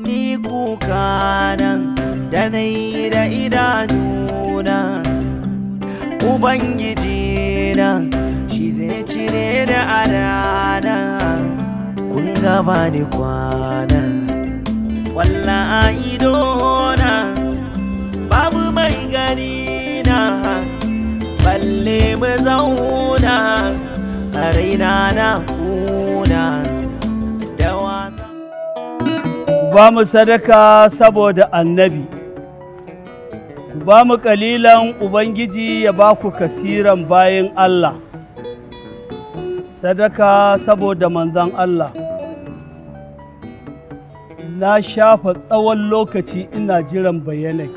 Ni kuka nan da na yi da idanuna, Ubangiji nan shi zai cire da arana, kun gaba ni kwana. Walla a babu mai gani na, balle mu zauna, a raina na kuna. ba mu sadaka saboda annabi ku ba mu kalilan ubangiji ya ba ku kasiran bayan Allah sadaka saboda manzan Allah na shafa tsawon lokaci ina jiran bayanai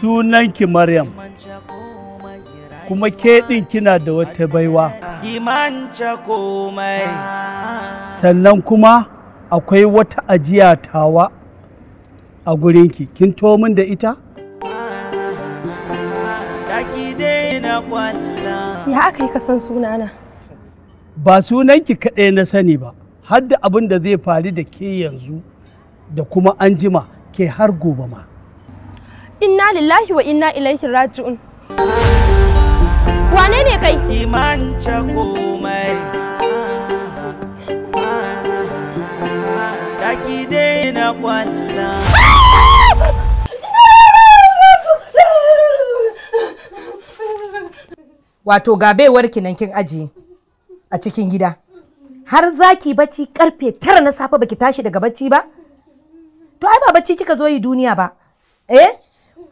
Sunanki Maryam kuma ke din kina da wata baiwa komai sannan kuma akwai wata ajiya tawa a gurinki kin to min da ita ya aka yi kasan sunana ba sunanki kaɗai na sani ba har da abin da zai faru da ke yanzu da kuma an jima ke har gobe ma inna lillahi wa inna ilaihi raji'un wane ne kai kimanta komai daki dai na kwalla wato ga baiwar kinan kin aji a cikin gida har zaki bacci karfe tara na safe baki tashi daga bacci ba to ai ba bacci kika zo yi duniya ba eh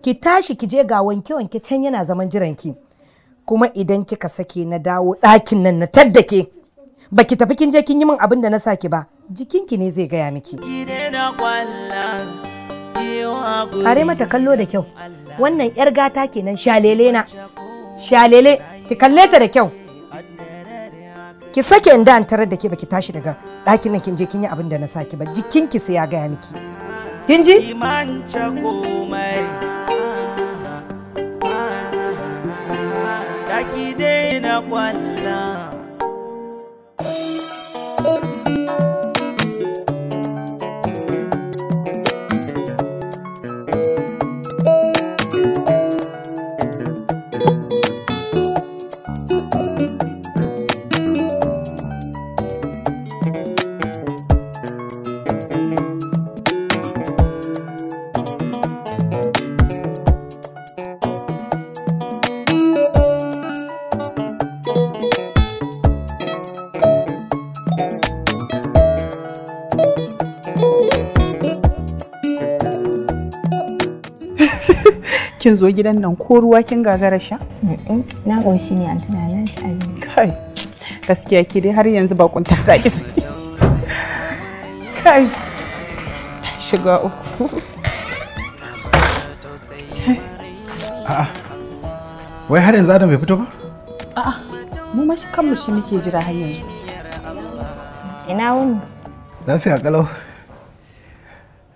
ki tashi ki je ga wanke wanke can yana zaman jiranki kuma idan kika sake na dawo ɗakin nan na taddake baki tafi kin je kin yi min abin da na saki ba jikinki ne zai gaya miki kare mata kallo da kyau wannan yar gata kenan shalele na shalele ki kalle ta da kyau ki sake inda an tarar da ke baki tashi daga ɗakin nan kin je kin yi abin da na saki ba jikinki sai ya gaya miki kin ji one zo gidan nan ko ruwa kin gagara sha? Na goshi ne a tunanin shi abin. Kai, gaskiya ke dai har yanzu bakunta ta ki Kai, shiga uku. wai har yanzu Adam bai fito ba? A'a, mu mashi kanmu shi muke jira har yanzu. Ina wuni? Lafiya kalau.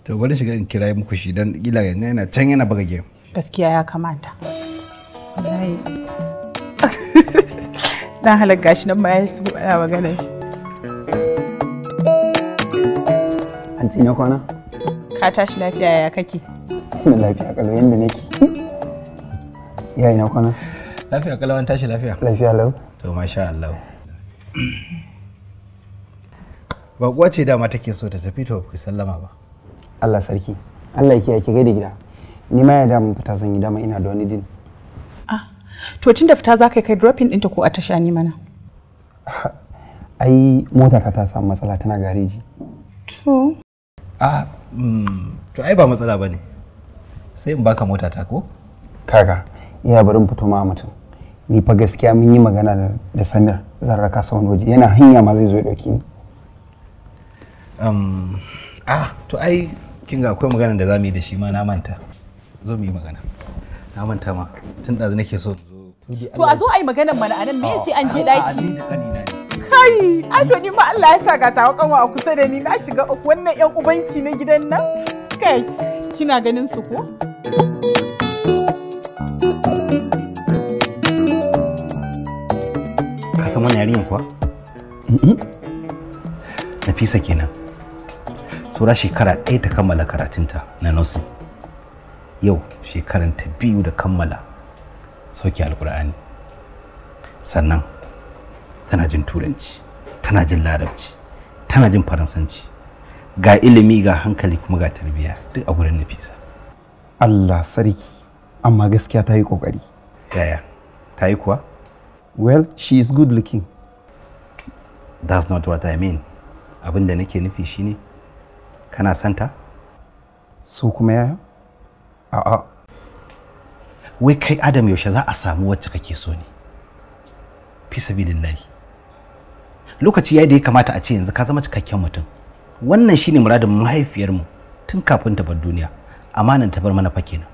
to bari shiga in kira muku shi don kila yana can yana buga game gaskiya ya kamata wallahi dan halar gashi nan ma ya su ana magana shi an tsinya kwana ka tashi lafiya ya kake ina lafiya kalau yanda nake Ya na kwana lafiya kalau an tashi lafiya lafiya lau to masha Allah ba kuwa ce dama take so ta tafi to ku sallama ba Allah sarki Allah ya kiyaye ki gaida gida ni ma ya ma fita zan yi dama ina da wani din ah to tunda fita za ka kai dropping ɗinta ko a tasha ni mana ai mota ta ta samu matsala tana gareji to ah mm, to ai ba matsala bane sai in baka mota ta ko kaka ya barin fito ma mutum ni fa gaskiya mun yi magana da samir zan raka sa wani waje yana hanya ma zai zo ɗauki ni um, ah to ai kinga akwai magana da za mu yi da shi ma na manta zo mu yi magana na manta ma tun da nake so to a zo a yi maganar mana a nan me sai an je daki kai ato ni ma Allah ya sa ga tawa kanwa a kusa da ni na shiga wannan yan ubanci na gidan nan kai kina ganin su ko ka san wannan yarinyan kuwa Nafisa kenan saura shekara ɗaya ta kammala karatunta na nursing yau shekaran ta biyu da kammala sauki alkur'ani sannan tana jin turanci tana jin larabci tana jin faransanci ga ilimi ga hankali kuma ga tarbiyya duk a gurin nafisa allah sarki amma gaskiya ta yi kokari yaya ta yi kuwa well she is good looking that's not what i mean abin da nake nufi shine kana santa su kuma yaya A'a. Wai kai Adam yaushe za a samu wacce kake so ne? Fi sabilillahi. Lokaci yayi da ya kamata a ce yanzu ka zama cikakken mutum. Wannan shine muradin mahaifiyarmu tun kafin ta bar duniya. Amanan ta bar mana fa kenan.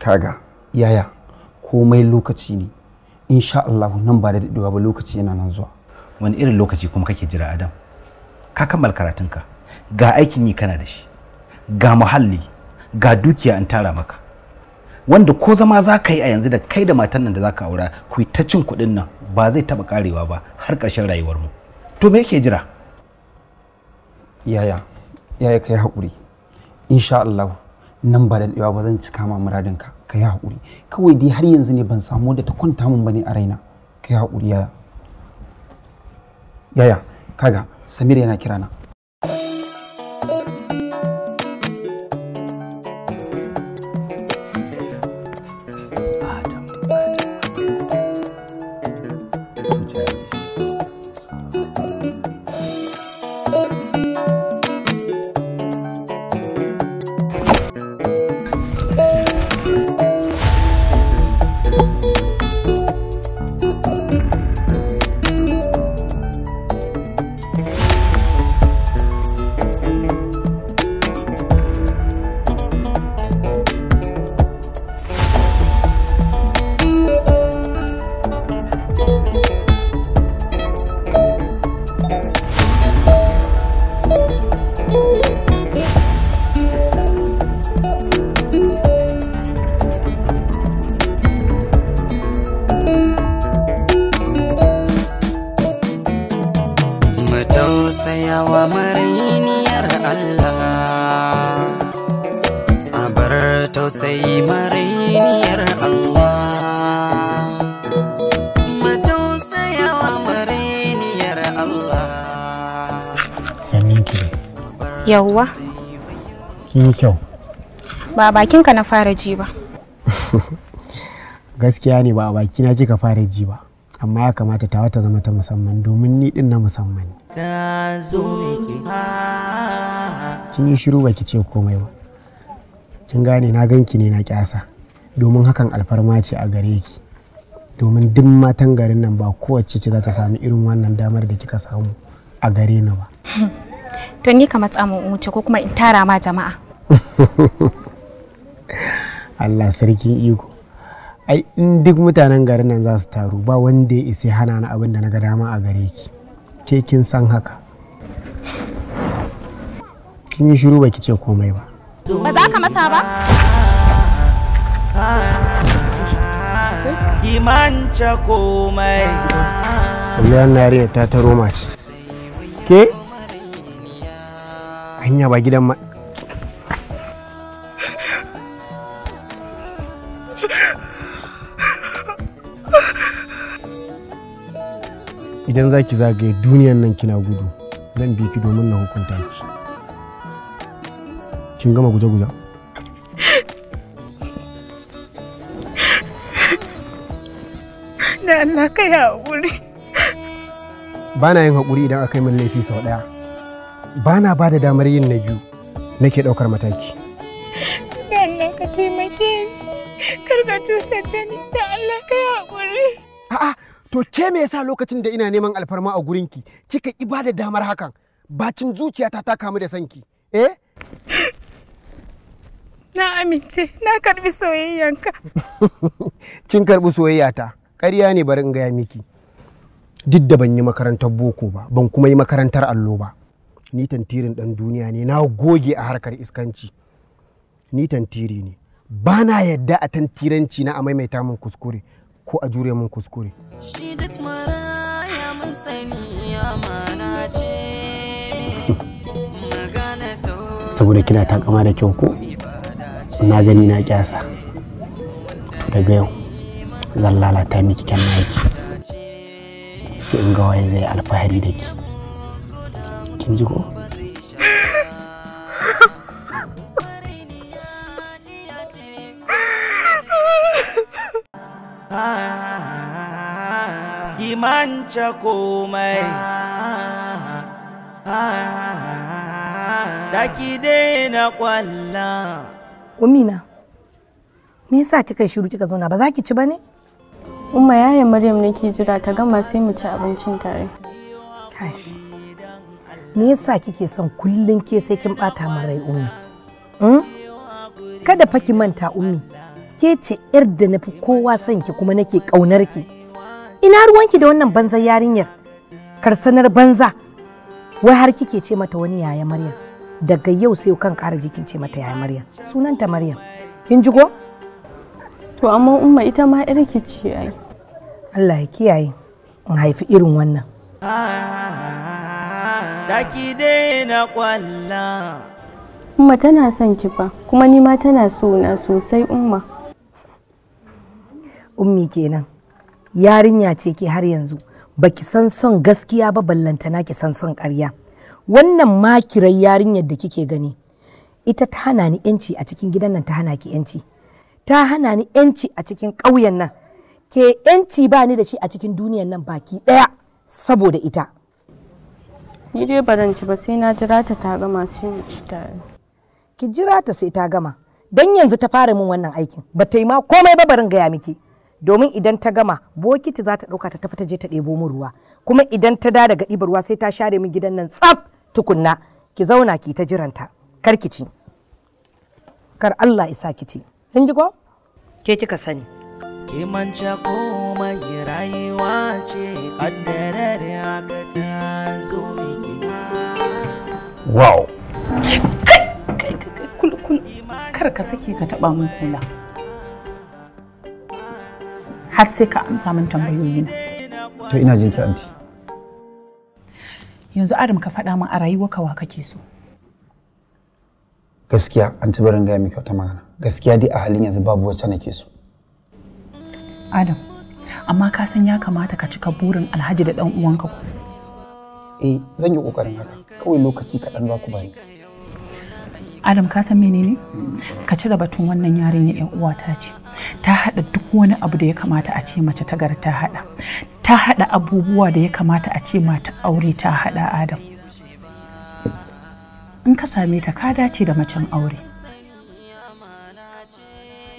Kaga, yaya komai lokaci ne. Insha Allah nan ba da daɗewa ba lokaci yana nan zuwa. Wani irin lokaci kuma kake jira Adam? Ka kammala karatunka. Ga aikin yi kana da shi. Ga muhalli ga dukiya an tara maka wanda ko zama za ka yi a yanzu da kai da matan nan da za ka aura ku yi ta cin kuɗin nan ba zai taɓa karewa ba har ƙarshen rayuwar mu to me yake jira yaya yaya kai haƙuri insha Allah nan ba da daɗewa ba zan cika ma muradin ka kai hakuri haƙuri kawai dai har yanzu ne ban samu da ta kwanta min bane a raina kai haƙuri yaya yaya kaga samir yana kirana Yawwa. Kin yi kyau. Ba bakinka na fara ji ba. Gaskiya ne ba a bakina kika fara ji ba. Amma ya kamata ta wata zama ta musamman domin ni din na musamman. Kin yi shiru baki ce komai ba. Kin gane na ganki ne na kyasa. Domin hakan alfarma ce a gare ki. Domin duk matan garin nan ba kowace ce za ta sami irin wannan damar da kika samu a gare ni ba. to ni ka matsa mu wuce ko kuma in tara ma jama'a Allah sarkin iko ai in duk mutanen garin nan za su taru ba wanda ya isa hana ni abin da na ga dama a gare ki ke kin san haka kin yi shiru baki ce komai ba ba za ka masa ba kimanta komai Kulliyar Nariya ta taro mace. hanya ba gidan ma idan za ki zagaye duniyan nan kina gudu zan bi ki domin na hukunta ki kin gama guje-guje na Allah kai haƙuri ba na yin haƙuri idan aka yi min laifi sau ɗaya ba na ba da damar yin na biyu nake ɗaukar mataki. Da Allah ka taimake ni, kar ka cutar da ni, da Allah ka yi haƙuri. A'a, to ke me yasa lokacin da ina neman alfarma a gurinki kika ki ba da damar hakan bacin zuciyata ta kamu da sanki, eh? Na amince, na karbi soyayyanka. Kin karbi soyayyata, ƙarya ne bari in gaya miki. Duk da ban yi makarantar boko ba, ban kuma yi makarantar allo ba. ni tantirin dan duniya ne na goge a harkar iskanci ni tantiri ne ba na yadda a tantiranci na a maimaita min kuskure ko a jure min kuskure saboda kina kama da kyau ko na gani na kyasa to daga yau zan lalata miki kyan naki sai in ga waye zai alfahari da ki kin ji ko kwalla umina me yasa kika shiru kika zauna ba za ki ci ba ne umma yayin maryam nake jira ta gama sai mu ci abincin tare me yasa kike son kullum ke sai kin bata min rai ummi hmm? kada fa ki manta ummi ke ce yar da nafi kowa son ki kuma nake kaunar ki ina ruwan ki da wannan banza yarinyar karsanar banza wai har kike ce mata wani yaya maryam daga yau sai kan ƙara jikin ce mata yaya maryam sunanta maryam kin ji go? to amma umma ita ma irki ce ai Allah ya kiyaye in haifi irin wannan da na daina kwalla umma tana son ki fa kuma ni ma tana so na sosai umma ummi kenan yarinya ce ke har yanzu baki san son gaskiya ba ballantana ki san son ƙarya wannan makirar yarinyar da kike gani ita ta hana ni yanci a cikin gidan nan ta hana ki yanci ta hana ni yanci a cikin ƙauyen nan ke yanci ba ni da shi a cikin duniyan nan baki ɗaya saboda ita Ni dai ba ci ba sai na jira ta ta gama sai mu ci tare. Ki jira ta sai ta gama. Dan yanzu ta fara min wannan aikin. Ba ta yi ma komai ba barin gaya miki. Domin idan ta gama bokiti za ta ɗauka ta tafi ta je ta ɗebo min ruwa. Kuma idan ta da daga ɗibar ruwa sai ta share min gidan nan tsaf tukunna. Ki zauna ki ta jiranta. Kar ki ci. Kar Allah isa ki ci. Kin ji ko? Ke kika sani. Kimanta komai rayuwa ce kaddare wow kar ka sake ka taba min kula har sai ka amsa min na. to ina jin ki anti yanzu adam ka faɗa min a rayuwar wa kake so gaskiya an barin ga miki wata magana gaskiya dai a halin yanzu babu wacce nake so adam amma ka san ya kamata ka cika burin alhaji da ɗan uwanka ku eh zan yi ƙoƙarin haka kawai lokaci kaɗan za ku bani adam ka san menene ka cire batun wannan yarinya yan uwata ce ta haɗa duk wani abu da ya kamata a ce mace ta gar ta haɗa ta haɗa abubuwa da ya kamata a ce mata aure ta haɗa adam in ka same ta ka dace da macen aure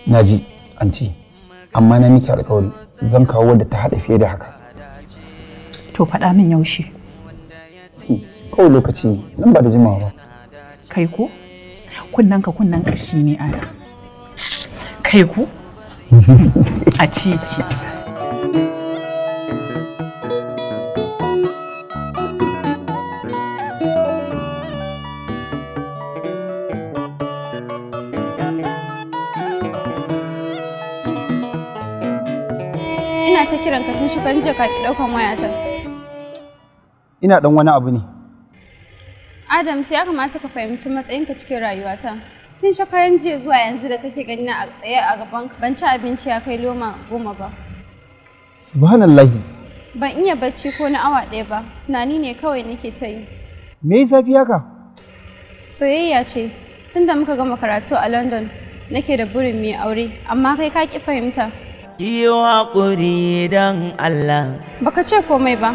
naji anti amma na miki alƙawari zan kawo wadda ta haɗa fiye da haka to faɗa min yaushe kawai lokaci ne nan ba da jimawa ba kai ko kunnan ka ka shi ne ana kai ko a cici ina ta kiran ka tun shi kan jaka ki daukan wayata ina dan wani abu ne Adams ya kamata ka fahimci matsayinka cikin rayuwata. Tun shekaran jiya zuwa yanzu da kake gani a tsaye a gaban ban ci abinci ya kai loma goma ba. Subhanallahi. Ban iya bacci ko na awa ɗaya ba, tunani ne kawai nake ta yi. Me yi zafi haka? Soyayya ce, tun da muka gama karatu a London nake da burin mai aure, amma kai ka ki fahimta. Yi haƙuri don Allah. Baka ce komai ba,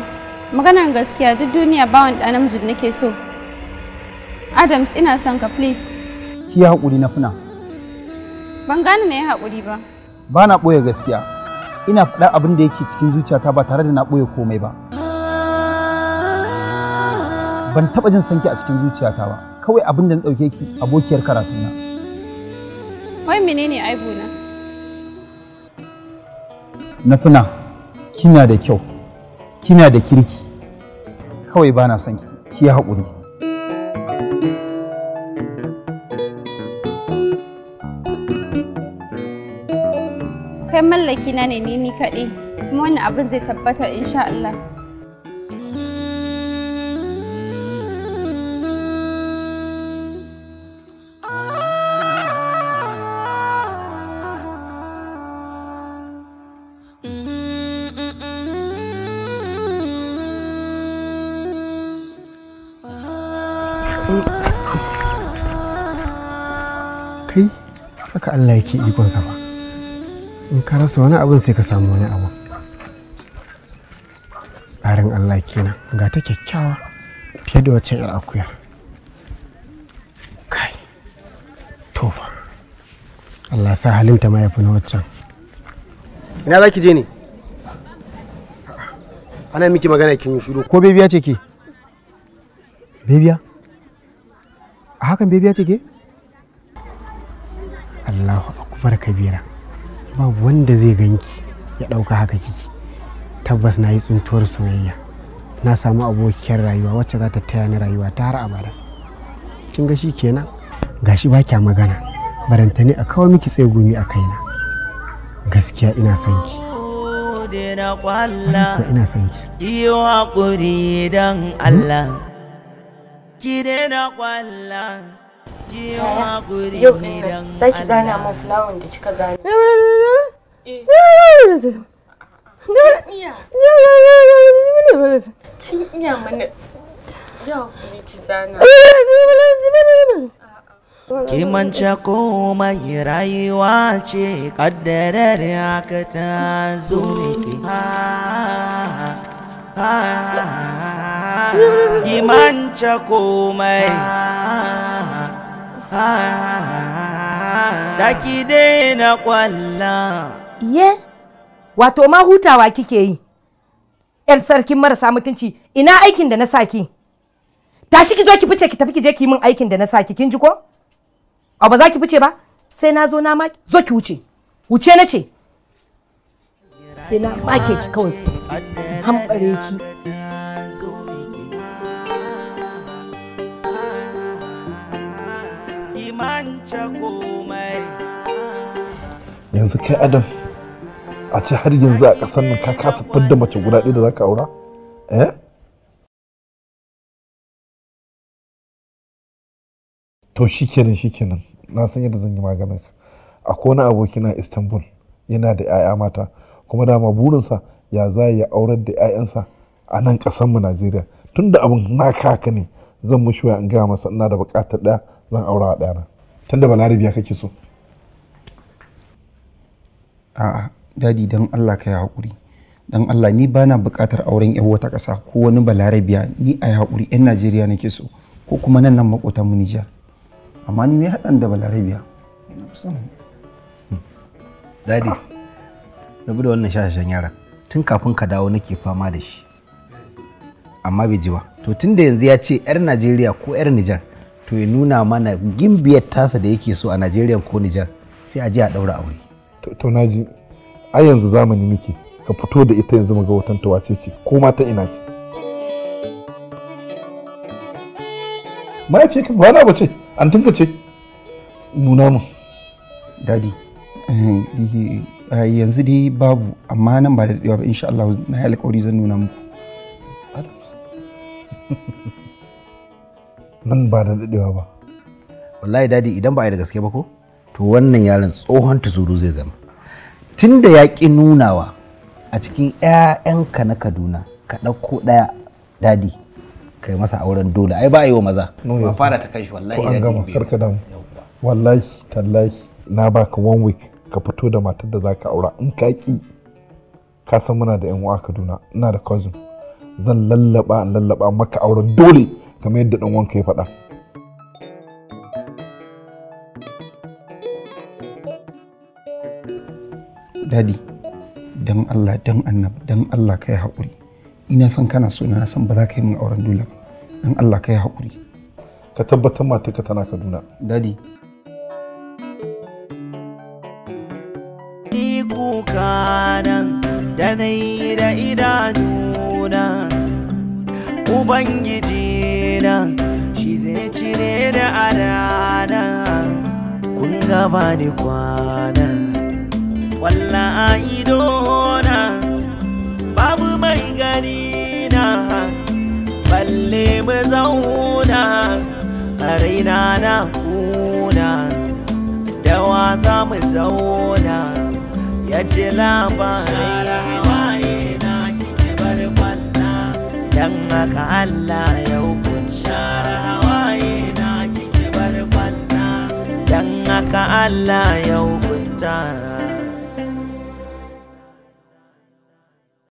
maganar gaskiya duk duniya bawan ɗanamjin nake so, Adams ina son ka please. Ki haƙuri na funa. Ban gane na yi haƙuri ba. Ba na ɓoye gaskiya. Ina faɗa abin da yake cikin zuciyata ba tare da na ɓoye komai ba. Ban taɓa jin sanki a cikin zuciyata ba. Kawai abin da na ɗauke ki abokiyar karatuna. Wai menene aibuna? Na funa, kina da kyau, kina da kirki, kawai ba na son ki, ki haƙuri. kai mallaki na ne ni kaɗai kuma wannan abin zai tabbata insha Allah kai haka Allah yake ikonsa ba in ka rasa wani abin sai ka samu wani abu tsarin allah kenan ga ta kyakkyawa fiye da wacce yar akuya kai to allah sa halinta ma ya fi na waccan ina za ki je ne ana miki magana kin yi shiru ko bebiya ce ke bebiya a hakan bebiya ce ke allahu akbar kabira ba wanda zai ganki ya ɗauka haka kiki tabbas na yi tsuntuwar soyayya na samu abokiyar rayuwa wacce za ta taya ni rayuwa ta har abada kin ga shi kenan gashi ba kya magana baranta ne a kawo miki tsegumi a kaina gaskiya ina son ki ina son ki Allah ki na kwalla zaki zana min da kika zana Kin iya eh. mana. Kimanta komai rayuwa ce kaddarar ya ta zo Kimanta komai da ki daina kwallon Ye, wato ma hutawa kike yi, ‘yar sarkin marasa mutunci, ina aikin da na saki. Tashi ki zo ki fice ki tafi ki je ki min aikin da na saki, kin ji ko? A ba za ki fice ba, sai na zo na ma zo ki wuce, wuce na ce. Sai na make ki kawai, hambare ki. Yanzu kai Adam. a ce har yanzu a ƙasar nan ka kasa fadda mace guda ɗaya da za ka aura eh to shikenan shikenan na san yadda zan yi maganin ka ko na aboki na istanbul yana da 'ya'ya mata kuma dama burinsa ya za ya aurar da 'ya'yansa a nan mu najeriya tunda abin na kaka ne zan mushi in gaya masa ina da buƙatar ɗaya zan aura a ɗana tunda balarabiya kake so a'a dadi don Allah ka yi haƙuri don Allah ni bana buƙatar auren yan wata ƙasa ko wani balarabiya ni a yi haƙuri yan Najeriya nake so ko kuma nan nan maƙotan mu Nijar amma ni mai haɗan da balarabiya dadi rabu da wannan shashashen yaran tun kafin ka dawo nake fama da shi amma bai ji ba to tun da yanzu ya ce yar Najeriya ko yar Nijar to ya nuna mana gimbiyar tasa da yake so a Najeriya ko Nijar sai a je a ɗaura aure to naji ai yanzu zamani muke ka fito da ita yanzu muga watan ta wace ce ko mata ta ina ce mahaifiyar ka ba ce an tunka ce nuna mu dadi eh, eh, yanzu dai babu amma nan ba da daɗewa ba insha Allah na yi alƙawari zan nuna muku nan ba da daɗewa ba wallahi dadi idan ba a yi da gaske ba ko to wannan yaron tsohon tuzuru zai zama tun da ya ƙi nunawa a cikin 'ya'yanka na kaduna ka ɗauko ɗaya dadi kai masa auren dole ai ba a yi wa maza ba fara ta kai shi wallahi ya gama karka damu wallahi tallahi na baka one week ka fito da matar da zaka aura in ka ƙi, ka san muna da yan uwa Kaduna ina da cousin zan lallaba lallaba maka auren dole kamar yadda ɗan wanka ya faɗa daɗi dan Allah dan annab dan Allah ka yi haƙuri ina son kana so na san ba za ka yi min auren dole ba dan Allah ka yi haƙuri ka tabbatar mata ka tana Kaduna daɗi ni kuka nan da na yi da idanuna ubangiji na shi zai cire da arana kun gaba ni kwana walla idona babu mai gani na balle mu zauna raina na kuna da wasa mu zauna ya ji labarai dan haka Allah yau kun share hawaye na kike bar kwanna dan haka Allah yau kun